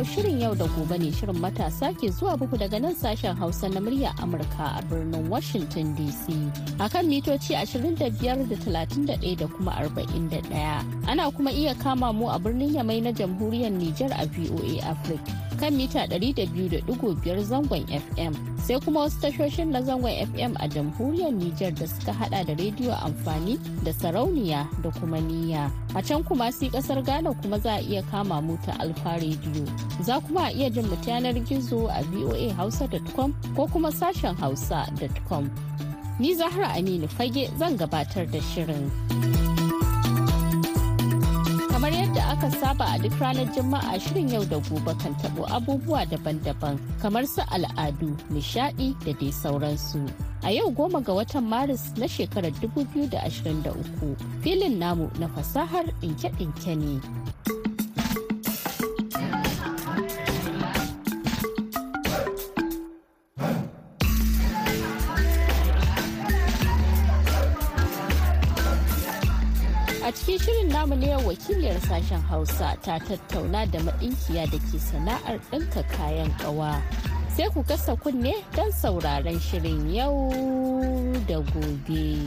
shirin yau da gobe ne shirin matasa ke zuwa buku daga nan sashen Hausa na murya Amurka a birnin Washington DC. a kan mitoci 25.31 da biyar da kuma 41. Ana kuma iya kama mu a birnin Yamai na jamhuriyar Nijar a VOA Africa. kan mita 200.5 zangon FM sai kuma wasu tashoshin na zangon FM a jamhuriyar Nijar da suka hada da rediyo amfani da sarauniya da kuma niyya. A can kuma si kasar Ghana kuma za a iya kama mu ta Alfa rediyo Za kuma a iya jin mu yanar gizo a voahausa.com ko kuma sashen hausa.com. Ni Zahra Aminu Fage zan gabatar da shirin. Kamar yadda aka saba a duk ranar Juma'a shirin yau da gobe kan tabo abubuwa daban-daban kamar su al'adu, nishadi da dai sauransu. A yau goma ga watan Maris na shekarar 2023 filin namu na fasahar ɗinke-ɗinke ne. namu ne wakiliyar sashen Hausa ta tattauna da maɗinkiya da ke sana'ar ɗinka kayan ƙawa. Sai ku kasa kunne don sauraron shirin yau da gobe.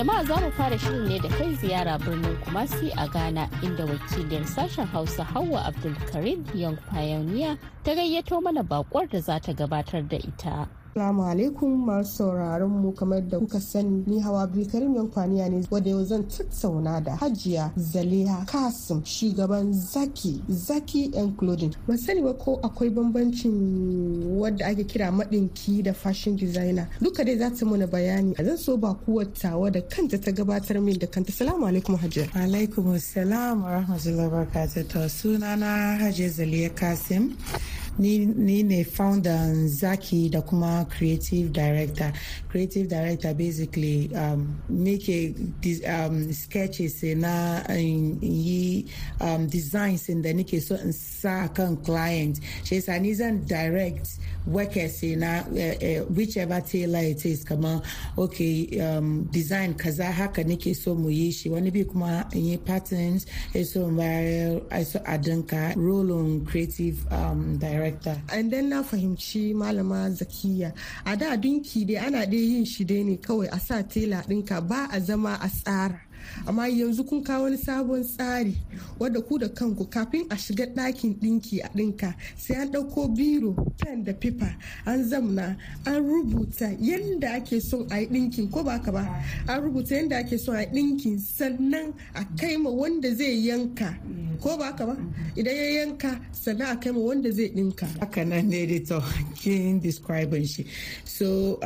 jama'a za mu fara shirin ne da kai ziyara birnin kumasi a ghana inda wakilin sashen hausa hawa abdulkarim young pioneer ta gayyato mana bakwar da za ta gabatar da ita Assalamu alaikum masu sauraron mu kamar da kuka sani ni hawa biyu Abdulkarim Yankwaniya ne wadda yau zan tattauna da Hajiya Zaliha Kasim shugaban Zaki Zaki and Clothing. Ban sani ba ko akwai bambancin wadda ake kira madinki da fashion designer. Duka dai za ta mana bayani. Zan so ba kuwatawa da kanta ta gabatar min da kanta. Salamu alaikum Hajiya. Alaikum assalam wa rahmatullahi wa barakatuh. Sunana Hajiya Zaliha Kasim. ni ne founder zaki da kuma creative director creative director basically um, make um, sketches na yi um, designs da nike so in sa kan client shi ni zan direct workers na uh, uh, whichever tailor it is kamar okay um, design kaza haka nike so mu yi shi wani bi kuma in yi patterns eh, so in bayar a role on creative um, director director and then na fahimci malama zakiya a da dinki dai ana dai yin shi dai ne kawai a sa tela dinka ba a zama a tsara amma yanzu kun kawo wani sabon tsari wadda ku da kanku kafin a shiga ɗakin ɗinki a ɗinka sai an ɗauko biro pen da pipa an zamna an rubuta yadda ake son a yi ɗinkin ko ba ka ba an rubuta yadda ake son a yi ɗinkin sannan a kai ma wanda zai yanka ko ba ka ba idan ya yanka sannan a kai ma wanda zai ɗinka haka nan ne editor kin describing shi so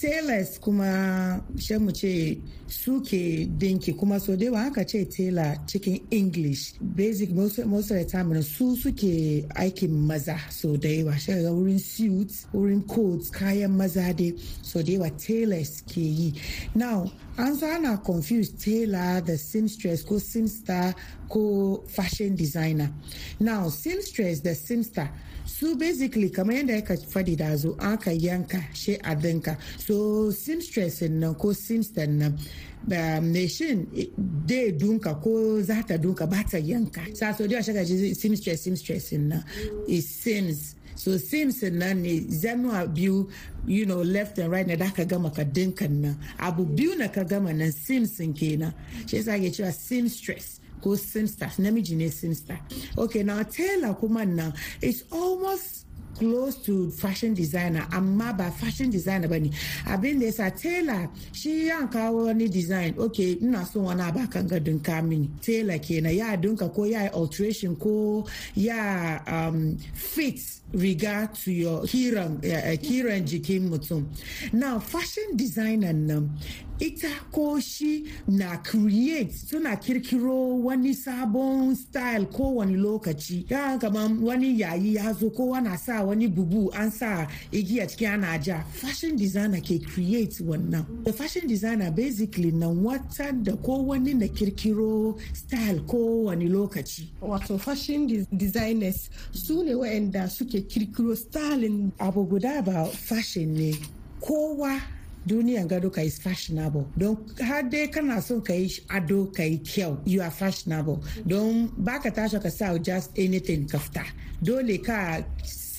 tailors um, kuma shan mu ce suke dinki kuma so da yawa haka ce tela cikin english basic most of the time su suke aikin maza so da yawa shi ga wurin suit wurin coat kayan maza dai so da yawa tailors ke yi now an so ana confuse tailor da seamstress ko simster ko fashion designer now seamstress da simster su basically kamar yadda aka fadi da zo aka yanka shi a dinka so seamstress nan ko simster nan da machine eh, dai dunka ko za ta dunka ba ta yanka sa so da shaka seamstress seamstress na it seems so in na ne zanu biyu you know left and right na da ka gama ka dinka na abu biyu na ka gama nan seams kenan shi yasa ke cewa seamstress ko simster namiji ne simster okay now tailor kuma na it's almost close to fashion designer amma ba fashion designer bane abin da yasa tela shi yan kawo wani design ok ina son wani ba kan ga dinka mini tela kenan ya dinka ko ya alteration ko ya um, fit riga to your eh, eh, kiran jikin mutum now fashion designer nan ita ko shi na create suna kirkiro wani sabon style kowane lokaci ya kamar wani yayi ya zo kowa na sa wani bubu an sa igiya ciki ana ja fashion designer ke create wannan The fashion designer basically na wata da ko wani na kirkiro style ko wani lokaci wato fashion designers su ne wa'anda suke kirkiro style abu guda ba fashion ne kowa duniyan gado ka is fashionable don har dai kana so ka yi ado ka yi kyau you are fashionable don baka tasha ka sa just anything ka fita dole ka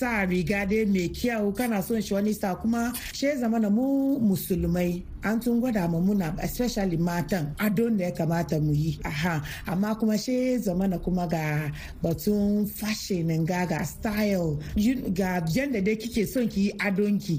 sa riga dai mai kyau kana son shi wani sa kuma shi zama na mu musulmai an tun gwada ma muna especially matan adon da ya kamata mu yi aha amma kuma she zamana kuma ga batun fashinin ga ga style ga yadda dai kike son ki yi adonki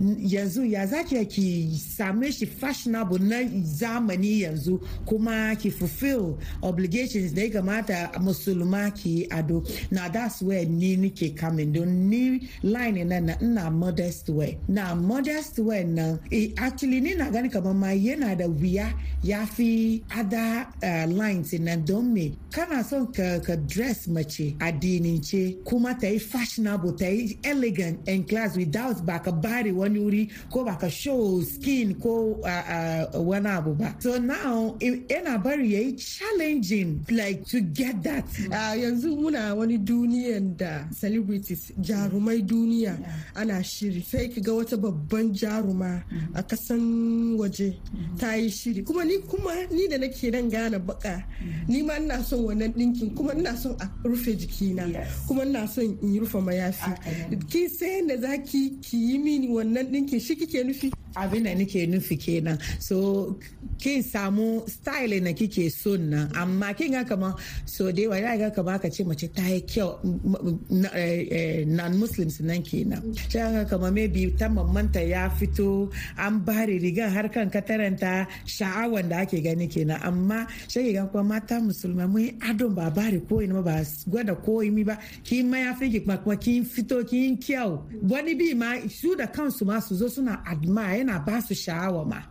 mm. yanzu ya za ki same shi fashionable na zamani yanzu kuma ki fulfill obligations da ya kamata musulma ki yi ado na that's where ni nike coming don ni line na na modest way na modest eh, way na actually ni ina gani kamar ma yana da wuya ya fi ada uh, eh, lines na don me kana son ka, ka dress mace addinince kuma ta yi fashionable ta yi elegant and class without ba ka bari wani wuri ko ba ka show skin ko uh, uh, wani abu ba so now yana bari ya yi challenging like to get that yanzu muna wani duniyan da celebrities jarumai duniya ana shiri sai ki ga wata babban jaruma a kasan waje ta yi shiri kuma ni kuma ni da nake nan gane baka ni ma ina son wannan dinkin kuma ina son a rufe jikina kuma ina son in rufe mayafi ki sai da zaki ki yi mini wannan dinkin shi kike nufi abin da nake nufi kenan so kin samu style na kike son nan amma kin ga kamar so da yawa ga kamar ka ce mace ta yi kyau eh, eh, non muslims nan kenan sai ga kamar maybe ta mamanta ya fito an bare rigan har kan kataranta sha'awan da ake gani kenan amma sai ga kuma mata musulma mun yi adon ba bare ko ina ba gwada ko ba kin ma ya fi kuma kin fito kin kyau wani bi ma su da kansu ma su zo suna admire yana ba su sha'awa ma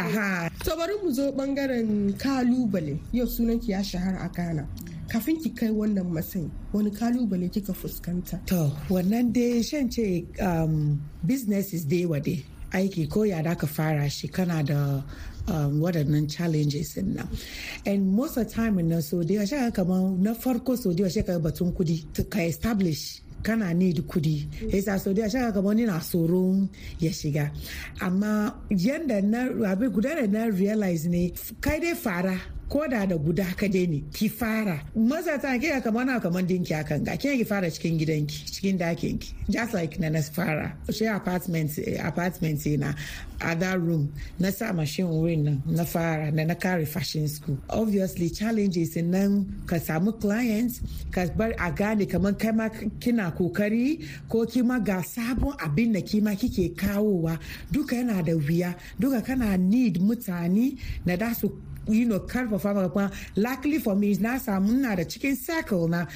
aha to bari mu zo bangaren kalubale yau sunan ki ya shahara a Ghana kafin ki kai wannan matsayi wani kalubale kika fuskanta to wannan dai shan ce um, business is day wa day aiki ko ya da ka fara shi kana da um, waɗannan challenges din nan and most of the time na so da yawa kamar na farko so da batun kudi ka establish kana ne kudi kudi yasa so da shaka kamar ni na tsoro ya shiga amma yanda na abin guda da na realize ne kai dai fara ko da da guda ka je ne ki fara maza ta ke kamar na kamar dinki akan ga ki fara cikin gidanki cikin dakinki just like na na fara she apartment eh, apartment na other room na sa machine wurin nan na fara na na kare fashion school obviously challenges nan ka samu client ka bar a gane kamar kai ma kina kokari ko kima ga sabon abin da kima kike kawowa duka yana da wuya duka kana need mutane na da su you know karfafa perform kuma luckily for me now some na a chicken circle na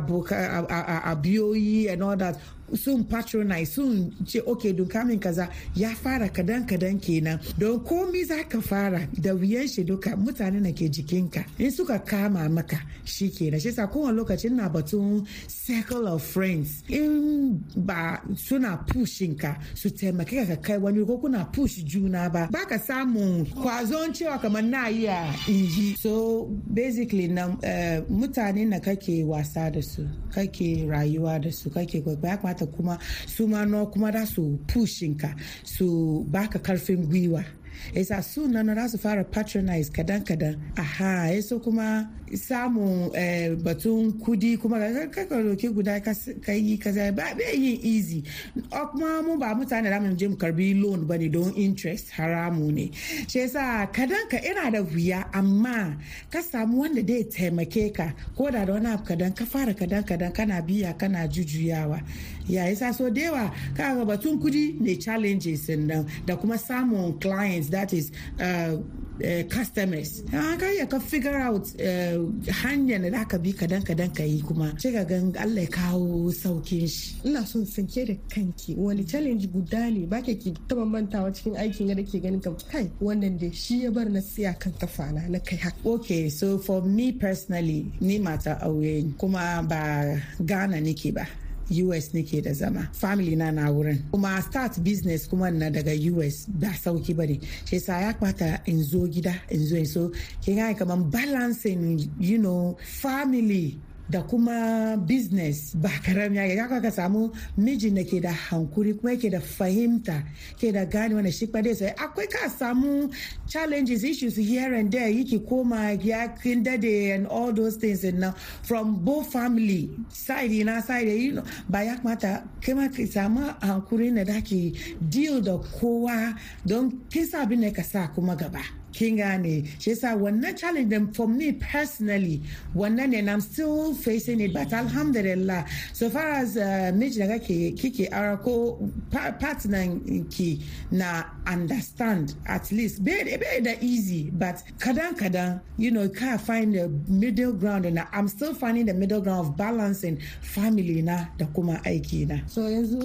book a uh, uh, uh, boe and all that sun patronize sun ce ok don kamin kaza ya fara kadan kadan kenan don komi za ka fara da wuyan shi duka mutane na ke jikinka in suka kama maka shi kenan shi kowane lokacin na batun circle of friends in ba suna pushin ka su taimake ka kai wani ko kuna push juna ba baka samun kwazon cewa kamar na iya inji so basically na eh, mutane na kake wasa da su kake rayuwa da su kake ya kamata kuma su ma no kuma da su ka su baka karfin gwiwa yasa su nan za su fara patronize kadan kadan aha yaso kuma samun eh, batun kudi kuma ka roke guda ka yi zai ba bai yi easy kuma mu ba mutane da mu je mu karbi loan ba ne don interest haramu ne shi yasa kadan ka ina da wuya amma ka samu wanda dai taimake ka ko da da wani abu kadan ka fara kadan kadan kana biya kana jujuyawa ya sa so da yawa kaga batun kudi ne challenges nan da kuma samun clients that is uh, eh, customers an ah, ka ya ka figure out eh, hanyar da aka bi kadan kadan ka yi kuma ce ga gan Allah ya kawo saukin shi ina son sanke da kanki wani challenge guda ne ba ke ki taba mantawa cikin aikin da ke ganin kan kai wannan da shi ya bar na siya kan kafa na na kai haka okay so for me personally ni mata aure kuma ba Ghana nake ba US nake da zama family na na wurin kuma start business kuma na daga US ba sauki bane shi yasa ya kwata in zo gida in zo in so kin ga kaman balancing you know family da kuma business ba karami ya kaka ka samu mijin da ke da hankuri kuma yake da fahimta ke da gane wani shi dai sai akwai ka samu challenges issues here and there yake koma ya kin dade and all those things na from both family side na side you know, ba ya kamata kai ma ka samu hankuri na da ke deal da kowa don kisa abin ne ka sa kuma gaba she said, "We're not challenge them for me personally not, and i'm still facing it but alhamdulillah so far as uh, miji da kake kike ara ko partner ki na understand at least bai da easy but kadang-kadang, you know can't find the middle ground and i'm still finding the middle ground of balancing family na the kuma aiki na so yanzu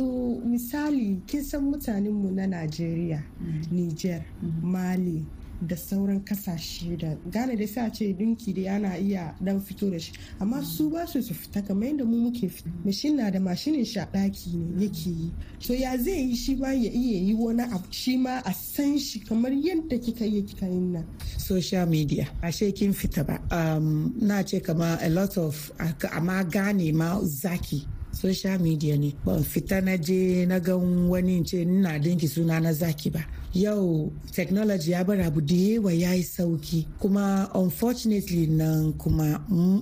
misali kin san mutanen mu na Nigeria, mm. Niger mm. Mali da sauran kasashe da gane da sa ce dinki da ana iya dan fito da shi amma su ba su su fita kamar yadda mu muke mashin na da mashinin shi daki ne yake yi so ya zai yi shi ba ya iya yi wani abu shi ma a san shi kamar yadda kika yi kika yi nan social media ashe kin fita ba um, na ce kama a lot of amma gane ma zaki social media ne ban fita na je na ga wani ce ina dinki suna na zaki ba yau technology ya bar abu da yawa ya yi sauki kuma unfortunately nan kuma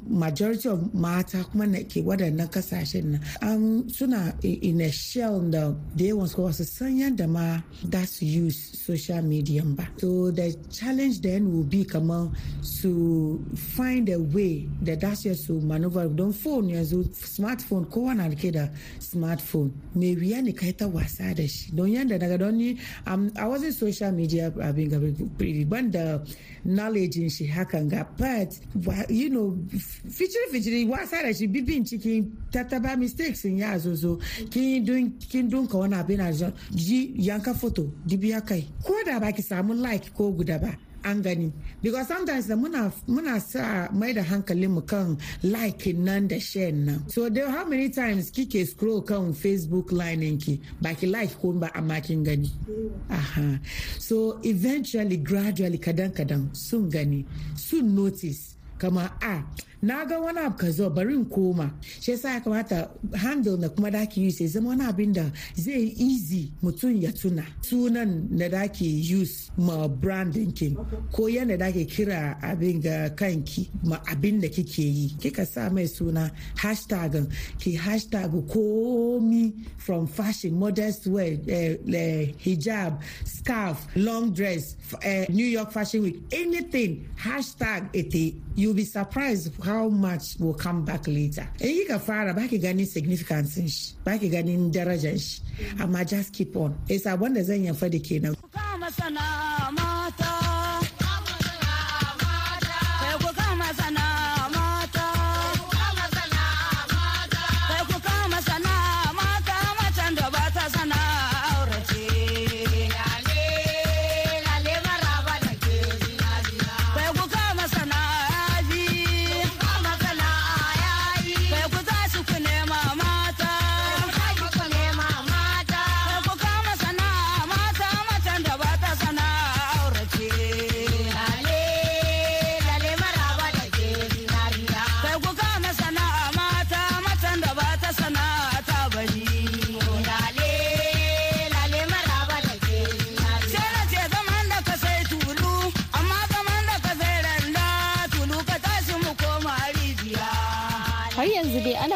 majority of mata kuma na ke waɗannan kasashen nan an suna in a shell da da yawan su wasu san yadda ma da su use social media ba so the challenge then will be kamar su find a way da da su su maneuver don phone yanzu smartphone ko na rike da smartphone mai wuya ne kai ta wasa da shi don yadda daga don ni um, a using social media abin ga ban da knowledge shi hakan ga but you know fijiri wasa da shi bibin cikin tattaba mistakes ya zo zo kin dunka wani abin a ji yanka foto dibiya kai ko da baki samu like ko guda ba an gani because sometimes da muna muna sa mai da hankalin mu kan like nan da share nan so there how many times kike scroll kan facebook line ki ba ki like ko ba amma kin gani aha so eventually gradually kadan kadan sun gani sun notice kama ah, na ga wani abu ka bari in koma shi yasa ya kamata handle na kuma daki yi ya zama wani abin da zai easy mutum ya tuna sunan na daki use ma brand ki ko yana daki kira abin ga kanki ma abin da kike yi kika sa mai suna hashtag ki hashtag komi from fashion modest wear eh, eh, hijab scarf long dress eh, new york fashion week anything hashtag ete you be surprised how much will come back later in kika fara baki ganin significance shi baki ganin darajan shi amma just keep on isa wanda zan yafa da kenan mata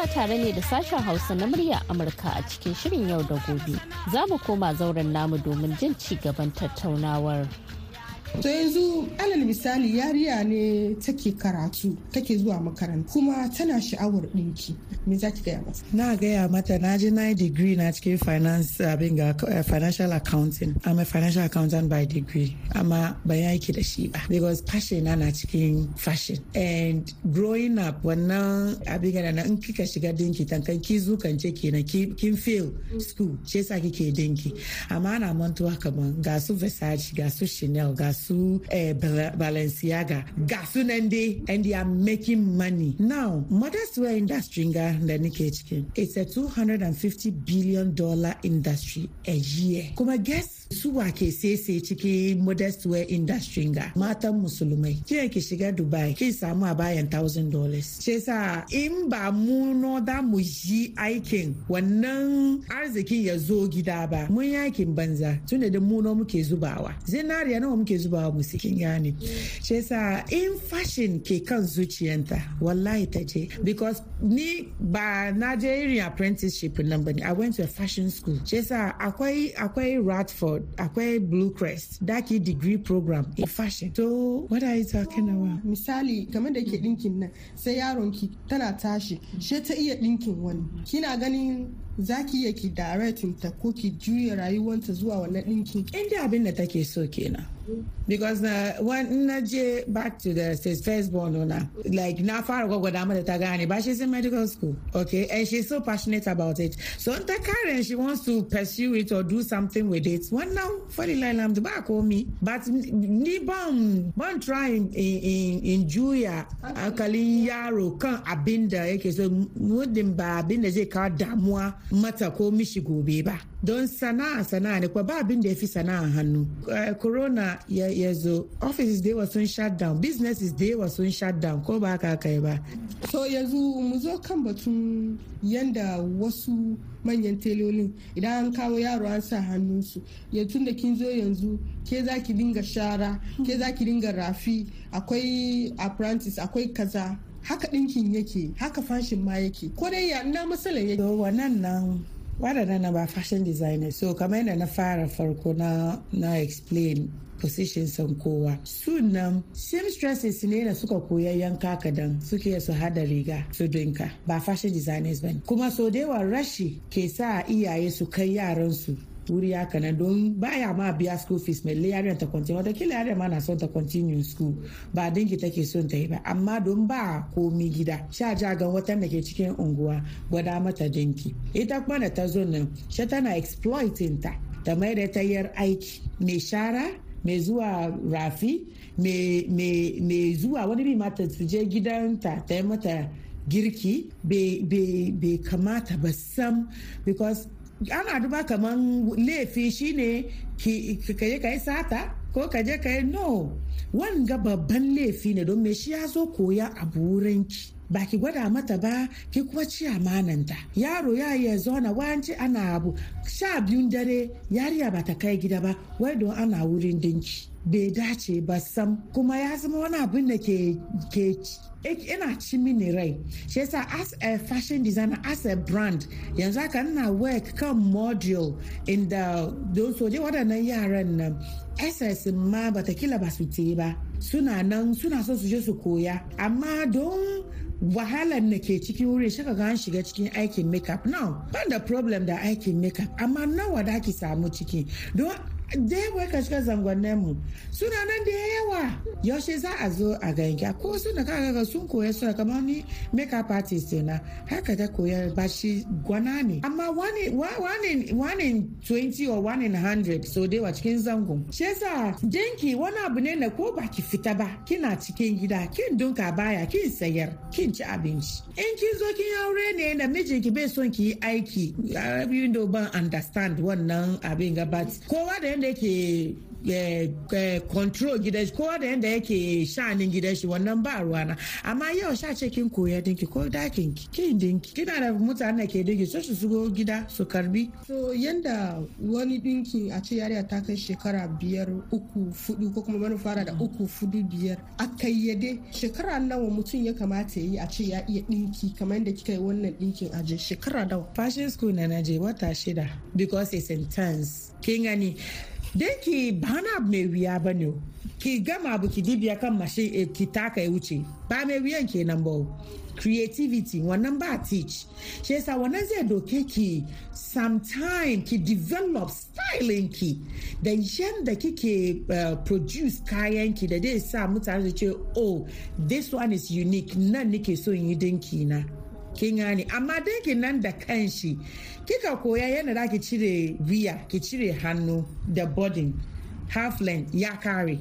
tare ne da sashen Hausa na murya Amurka a cikin shirin yau da gobe. Za mu koma zauren namu domin jin ci gaban tattaunawar. to yanzu alal misali yariya ne take karatu take zuwa makaranta kuma tana sha'awar ɗinki me za ki gaya mata na gaya mata na je na degree na cikin finance abin ga eh, financial accounting i'm a financial accountant by degree amma ban yi aiki da shi ba because passion na na cikin fashion and growing up wannan abin ga na in kika shiga dinki tankan ki ce kenan kin fail school shi yasa kike dinki amma ana mantuwa kaman ga su Versace ga su Chanel ga su eh, balenciaga gasu sunan dai and they are making money now mothers wear industry ga da nake cikin it's a 250 billion dollar industry a year kuma guess su ke sese ciki modest wear industry ga matan musulmai kiya ki shiga dubai ki samu a bayan thousand dollars ce sa in ba mu no da mu yi aikin wannan arzikin ya zo gida ba mun yakin banza tunda da mu no muke zubawa zinariya nawa muke zubawa mu sikin yani ce sa in fashion ke kan zuciyanta wallahi ta je because ni ba Nigerian apprenticeship nan ba ne i went to a fashion school ce sa akwai akwai radford abroad akwai blue crest daki degree program in fashion so what are you talking about misali kamar da ke dinkin nan sai yaron ki tana tashi she ta iya dinkin wani kina ganin zaki ki iya ki directing ta ko ki juya rayuwanta zuwa wannan ɗinkin. Inda abin da take so kenan. Because na uh, when na je back to the state first born ona like na fara gwagwada mata ta gane ba she's in medical school okay and she's so passionate about it so in ta kare she wants to pursue it or do something with it wannan now, for ba komi but ni ban ban try in in in juya hankalin yaro kan abin da yake so muddin ba abin da zai kawo damuwa mata ko mishi gobe ba don sana'a sana'a ne kuma ba abin da ya fi sana'a hannu eh, corona ya zo offices da yawa sun shut down businesses da yawa sun shut down ko ba haka kai ba so yanzu mu zo kan batun yanda wasu manyan telolin idan an kawo yaro an sa hannunsu tun da kin zo yanzu ke za ki dinga shara ke za ki dinga rafi akwai apprentice akwai kaza haka ɗinkin yake haka fashin ma yake ko dai ya na masala yake wannan nan waɗannan na ba fashion designer so kamar yadda na fara farko na na explain position san kowa sunan seamstresses ne da suka koya yanka kadan suke su hada riga su dinka ba fashion designers ba kuma so da yawa rashi ke sa iyaye su kai yaran su wuri haka nan don baya ma biya school fees mai yarin ta continue kila yarin ma na son ta continue school ba dinki take son ta yi ba amma don ba komi gida sha ja ga watan da ke cikin unguwa gwada mata dinki ita kuma da ta zo nan sha tana exploiting ta ta mai da ta yar aiki mai shara mai zuwa rafi mai zuwa wani bi mata su je gidanta ta yi mata girki bai kamata ba sam because ana duba kaman laifi shine ka yi kai sata ko kaje kai no wanga babban laifi ne don me shi ya zo koya a wurinki ba ki gwada mata ba ki kuma ci amananta yaro ya iya zauna wanci ana abu sha biyun dare yariya ba ta kai gida ba wai don ana wurin dinki bai dace ba sam kuma ya zama wani abin da ke ina ci mini rai shi yasa as a fashion designer as a brand yanzu haka ina work kan module inda don soje waɗannan yaran nan ss ma batakila ba su te ba suna nan suna so su je su koya amma don wahalar na ke ciki wurin shi ga an shiga cikin aikin makeup now ban da problem da aikin makeup amma nawa da ake samu ciki don da yawa ka shiga zangonnen mu suna nan da yawa yaushe za a zo a a ko suna kaga sun koya suna kamar ni up artist na haka ta koya ba shi gwana ne amma wani wani wani 20 or 100 so dai wa cikin zangon shi yasa dinki wani abu ne na ko ba ki fita ba kina cikin gida kin dunka baya kin sayar kin ci abinci in kin zo kin aure ne da ki bai son ki yi aiki ban understand wannan abin ga but kowa da da yake Eh, eh, control gidan shi kowa da yanda yake shanin gidan shi wannan ba na amma yau sha ce kin koya dinki ko dakin ki kin dinki kina da mutane ke dinki su su shigo gida su karbi to yanda wani dinki a ce yariya ta kai shekara biyar uku fudu ko kuma manufara da mm. uku fudu biyar a yade shekara nawa mutum ya kamata yi a ce ya iya dinki kamar yadda kika yi wannan dinkin aje shekara nawa fashion school na naje wata shida because it's intense kin gani dai ki ba wani mai wuya ba ne ki gama abu ki dibiya kan mashi eh, ki taka ya wuce ba mai wuyan kenan ba creativity wannan ba teach shi yasa wannan zai doke ki sometime ki develop styling ki da yanda kike uh, produce kayan ki da dai sa mutane ce oh this one is unique nan nake so yi dinki na kin gane amma dinkin nan da kanshi kika koya yana da ki cire biya ki cire hannu da bodin half length ya kare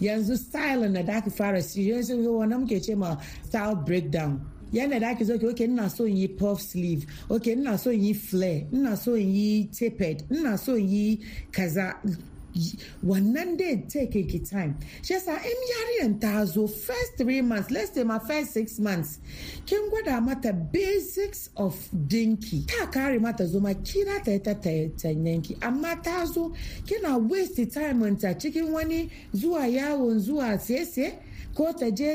yanzu style na da ki fara si yanzu wannan muke ce ma style breakdown yana da ki zo ki okay ina so yi puff sleeve okay ina so yi flare ina so yi tapered ina so yi kaza wannan dai take ki time shi yasa in yariyan ta zo first three months let's say ma first six months kin gwada mata basics of dinki ta kare mata ma kina ta ta ta yanki amma ta zo kina waste time ta cikin wani zuwa yawon zuwa siye-siye ko ta je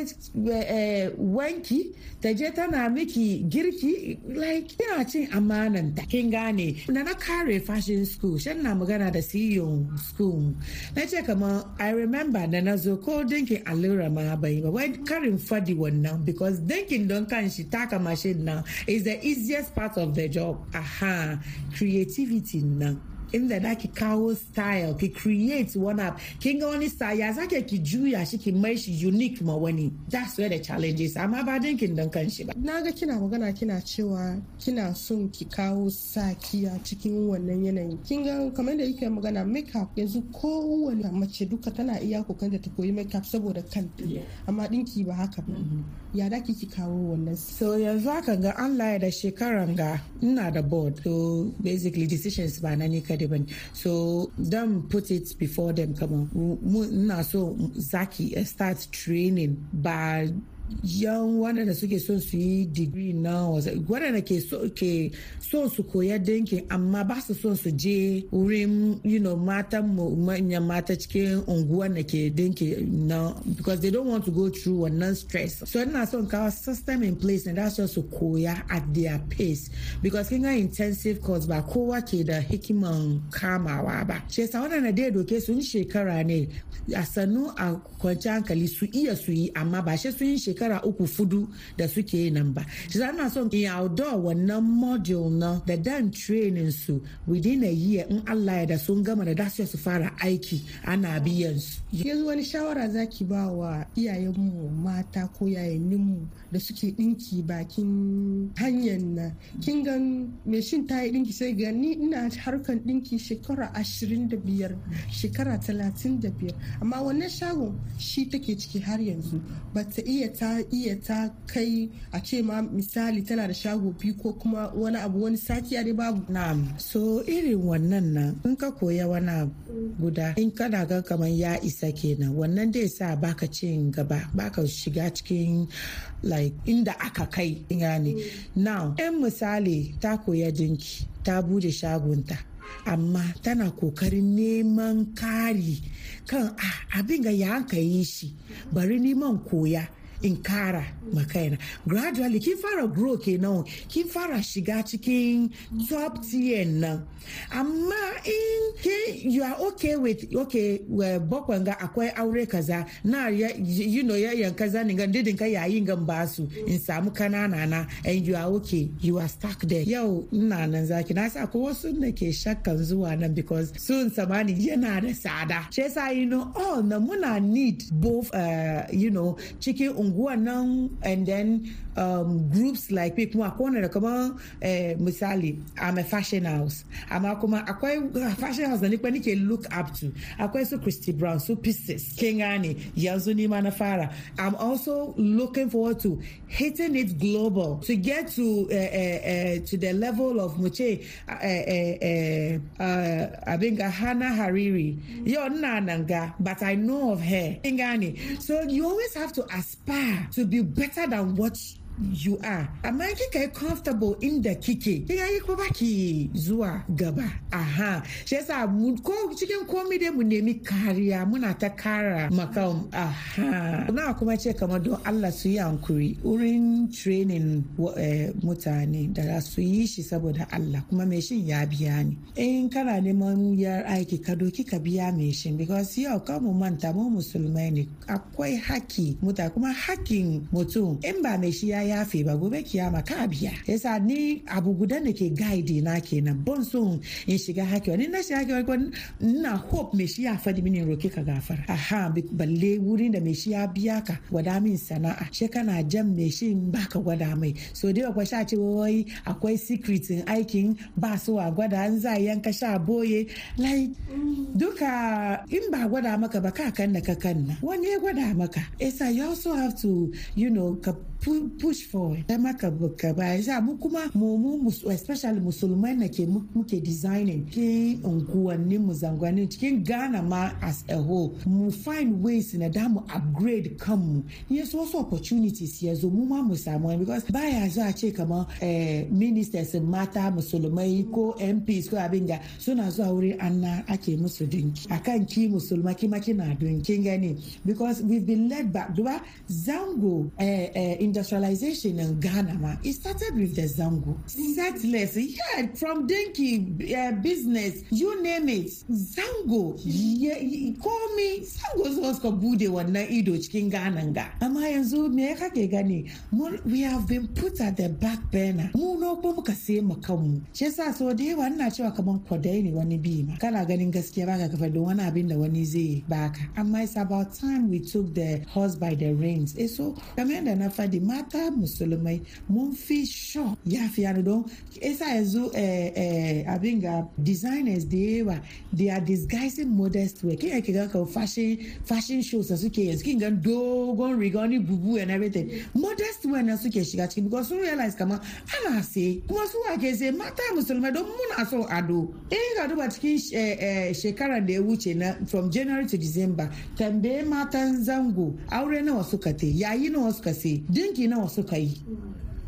eh, eh, wanki ta je tana miki girki like kina cin amanan ta kin gane na na kare fashion school shan na magana da CEO school na ce kama i remember da na zo ko dinkin allura ma bai ba wai karin fadi wannan because dinkin don kan shi taka mashin nan is the easiest part of the job aha creativity nan inda da ki kawo style ki create one app kin ga wani style ya zake ki juya shi ki mai shi unique ma wani that's where the challenges amma ba dinkin dan shi ba na ga kina magana kina cewa kina son ki kawo sakiya cikin wannan yanayin kin ga kamar da yake magana makeup yanzu kowane mace duka tana iya kokarin da ta koyi makeup saboda kanta amma dinki ba haka ba mm-hmm. ya da ki kawo wannan so yanzu haka ga Allah ya da shekaran ga ina da board so basically decisions ba na ni ka so them put it before them on, ina so zaki eh, starts training by yan waɗanda suke son su yi digiri na waɗanda ke so son su koya dinkin amma ba su son su je wurin you know mata manyan mata cikin unguwa na ke dinki na because they don't want to go through wannan stress so ina son kawo system in place na that's just su koya at their pace because kin ga intensive course ba kowa ke da hikiman kamawa ba ce sa waɗanda dai doke sun shekara ne a sannu a kwanci hankali su iya su yi amma ba shi sun yi shekara uku fudu da suke nan ba shi za na son yaudo wannan module na da dan training su within a year in Allah ya da sun gama da dasu su fara aiki ana biyan su yanzu wani shawara zaki ba wa iyayenmu mata ko mu da suke dinki bakin hanyar na kin gan me shin ta yi dinki sai ga ni ina harkan dinki shekara ashirin da biyar shekara talatin da biyar amma wannan shagon shi take ciki har yanzu ba ta iya ta iya ta kai a ce ma misali tana da shago biyu ko kuma wani abu wani sati ne babu na'am so irin wannan nan in ka koya wani guda in kana ga kamar ya isa kenan wannan dai sa baka cin gaba baka shiga cikin like inda aka kai gane mm. now yan misali ta koya dinki ta bude shagonta amma tana kokarin neman kari kan ah, abin ga ya yi shi bari neman koya in kara ma gradually kin fara grow kenan kin fara shiga cikin top tier nan amma in you are okay with okay eh, bakwan ga akwai aure kaza na you know yayan kaza ni ga didin ka gan ba su in samu kanana na and you are okay you are stuck there yau ina nan zaki na sa ko wasu ne ke shakkan zuwa nan because sun samani yana da Chesa, you know all oh, na muna need both uh, you know chicken nan and then um, groups like me kuma akwai da kamar eh, misali I'm a fashion house amma kuma akwai fashion house da ni nike look up to akwai su Christy Brown su Pieces King gane yanzu ni na fara I'm also looking forward to hitting it global to get to uh, uh, uh, to the level of muce uh, abin ga Hannah Hariri yau ina nan but I know of her kin gane so you always have to aspire are to be better than what you are amma kika yi comfortable inda kike kika yi ko baki zuwa gaba aha shi yasa ko cikin komi dai mu nemi kariya muna ta kara maka aha na kuma ce kamar don Allah su yi hankuri wurin training eh, mutane da za su yi shi saboda Allah kuma mai shin ya biya ni in kana neman yar aiki ka doki ka biya mai shin because yau ka mu manta mu musulmai ne akwai haki muta kuma hakin mutum in ba mai shi ya yafe ba gobe kiyama ka biya yasa ni abu guda da ke guide na kenan ban so in shiga hakewa ni na shiga hakewa ko na hope me shi ya fadi mini roki ka gafara aha balle wurin da me shi ya biya ka gwada min sana'a she kana jan me shi baka gwada mai so dai ba sha ce wai akwai secret in aikin ba so a gwada an za yanka sha boye like duka in ba gwada maka ba ka kanna ka kanna wani ya gwada maka yasa you also have to you know ka push forward da maka buka baya za mu kuma mu mu especially musulmai na ke muke designing ke unguwanni mu zangwani cikin Ghana ma as a whole mu find ways na da mu upgrade kanmu yes also opportunities here. zo mu ma mu samu because baya zo a kama kamar eh, ministers mata musulmai ko MPs ko abin So na zuwa wurin anna ake musu dinki akan ki musulma ki ma kina dinkin gani because we've been led back duba zango eh, eh, industrialization in Ghana, ma, it started with the Zango. Settlers, yeah, from Denki uh, business, you name it. Zango, yeah, call me. Zango was kabude wannan ido cikin Ghana ga. Amma yanzu me kake gani? We have been put at the back burner. Mu na kuma muka sai mu kanmu. Shi yasa so da yawa ka cewa kaman kwadai ne wani bi ma. Kana ganin gaskiya baka kafa don wani abin da wani zai baka. Amma it's about time we took the horse by the reins. Eh so kamar na fadi mata musulmai mun fi sho ya fi yana don isa yanzu eh, eh, abin ga designers da yawa they are disguising modest wear kin yake ga fashion fashion shows da suke yanzu kin gan dogon riga ni bubu and everything modest wear na suke shiga ciki because sun realize kamar ana ah, se kuma su wake sai mata musulmai don muna so ado in ka duba cikin eh, shekarar da ya wuce na from january to december tambaye matan zango aure nawa suka te yayi nawa suka sai din dangi nawa suka yi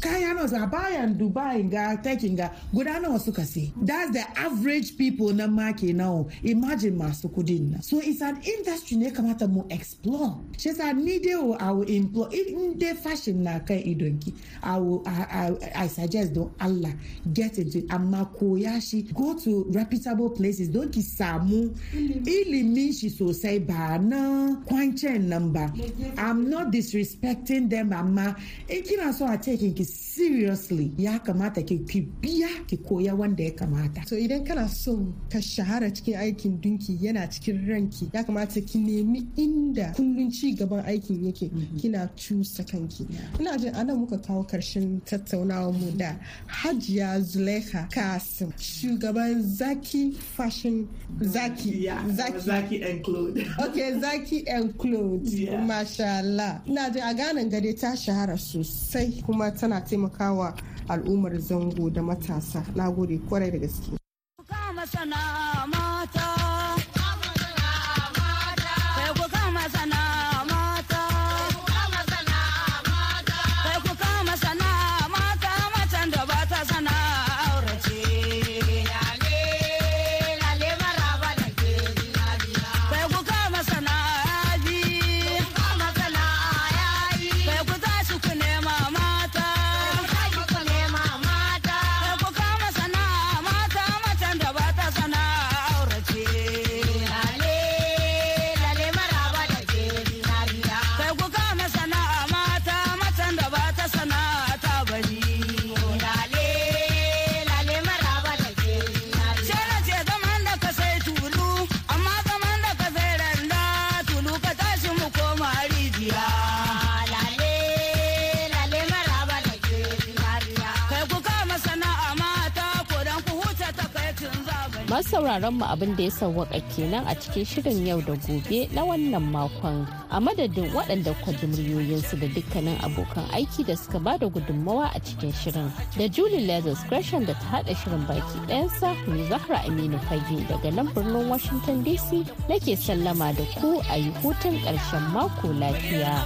kaya nawa ah, suka bayan dubai ga takin ga guda nawa suka sai that's the average people na ma now. imagine masu kudin so it's an industry ne kamata mu explore shi yasa ni dai i will employ in dai fashion na kai idonki i will I, I, I suggest don Allah get into it amma go to reputable places don ki samu ilimin so say ba na kwancen number. i'm not disrespecting them amma in kina so a take ki seriously ya kamata ki ki biya ki koya wanda ya kamata so idan kana so ka shahara cikin aikin dunki yana cikin ranki ya kamata ki nemi inda kullun ci gaban aikin yake mm-hmm. kina cusa kanki ina jin anan muka kawo karshen tattaunawa mu da Hajiya Zulekha Kasim shugaban Zaki Fashion Zaki mm-hmm. Zaki Zaki and Claude okay Zaki and Claude masha Allah ina jin a ganin gade ta shahara sosai kuma tana tana taimakawa al'ummar zango da matasa nagode kwarai da gaske sauraron mu abin da ya sauwaka kenan a cikin shirin yau da gobe na wannan makon a madadin waɗanda kwaji da dukkanin abokan aiki da suka ba da gudunmawa a cikin shirin da julie lazarus gresham da ta haɗa shirin baki ɗayansa ne zahra aminu fage daga nan birnin washington dc nake sallama da ku a yi hutun ƙarshen mako lafiya.